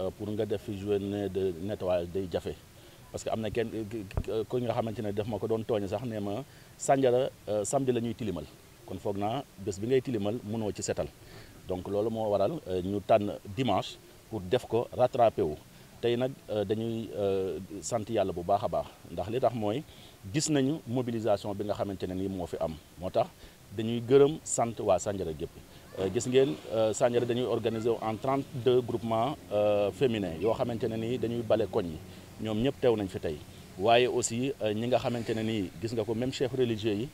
Euh, pour nga def journée de nettoyage des jafé parce que amna na kenn ku nga xamante ne def mako don togn sax néma Sanja, Sandiara euh, samedi la ñuy tilimal kon fogna naa bi ngay tilimal mëno ci sétal donc lolu mo waral euh, ñu tànn dimanche pour def ko rattraper wu tay nak euh, dañuy euh, sante yalla bu baakha a baax ndax li tax moy gis nañu mobilisation bi nga xamantene ni mo fi am motax dañuy gëreum sante wa sanjara gépp euh, gis ngeen sanjara dañuy organiser en 32 groupements féminins yo xamantene ni dañuy balé koñ ñom ñep tew nañ fi tay waye aussi ñi nga xamantene ni gis nga ko même chef religieux yi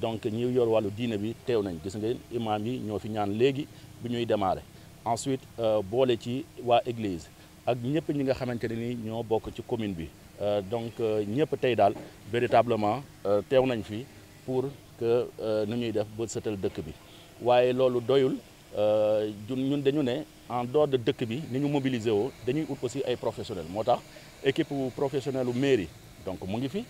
donc ñi yor walu diine bi tew nañ gis ngeen imam yi ñoo fi ñaan légui bu ñuy démarrer ensuite bolé ci wa église ak ñëpp ñi nga xamanteni ni ñoo bokk ci commune bi euh, donc euh, ñëpp tay dal véritablement euh, téw nañ fi pour que nu ñuy def ba setal dëkk bi waaye loolu doyul ñun dañu ne en dehors de dëkk bi ni ñu mobiliser woo dañuy ut aussi ay professionnels moo tax équipe professionnel u mairie donc mu ngi fi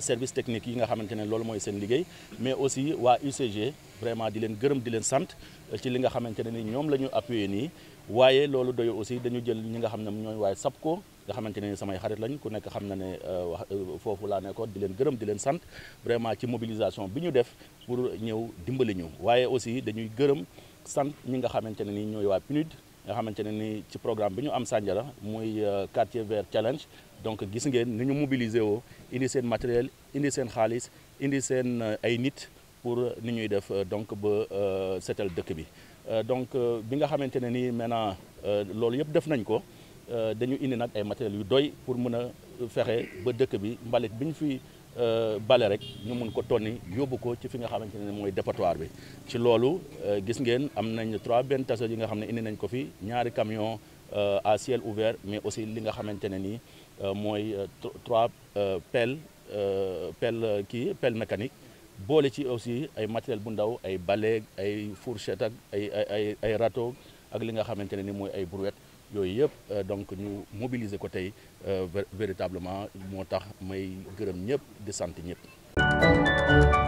service technique yi nga xamante ne loolu mooy seen liggéey mais aussi waa UCG vraiment di len gërëm di len sante euh, ci li nga xamante ne ni ñoom la ñu appuyé nii waaye loolu doyu aussi dañu jël ñi nga xam ñoy ñooy sapko nga xamante ne samay xarit lañ ku nekk xamna na ne euh, wax euh, foofu laa di len gërëm di len sante vraiment ci mobilisation biñu def pour ñëw dimbali ñu wayé aussi dañuy gërëm sante ñi nga xamante ne ni ñooy waa PNUD nga xamante ni ci programme biñu am sanjala muy quartier vert challenge donc gis ngeen ni ñu mobiliser woo indi sen matériel indi sen xaalis indi sen ay nit pour ni ñuy def euh, donc ba euh, seetal dëkk bi euh, donc bi nga xamante ne ni maintenant loolu yëpp def nañ ko dañu indi nag ay matériels yu doy pour mën a fexe ba dëkk bi mbalit biñ ñu fi bale rek ñu mun ko tonni yóbbu ko ci fi nga xamante ne mooy dépotoir bi ci loolu gis ngeen am nañ trois benn taso yi nga xam ne indi nañ ko fi ñaari camion à ciel ouvert mais aussi li nga xamante ne nii mooy trois pelle pelle kii pelle mécanique boole ci aussi ay matériel bu ndaw ay balai ay fourchette ak ay ay ay râteau ak li nga xamante ne ni mooy ay brouette yooyu yëpp euh, donc ñu mobiliser ko tey euh, véritablement moo tax may gërëm ñëpp di sant ñëpp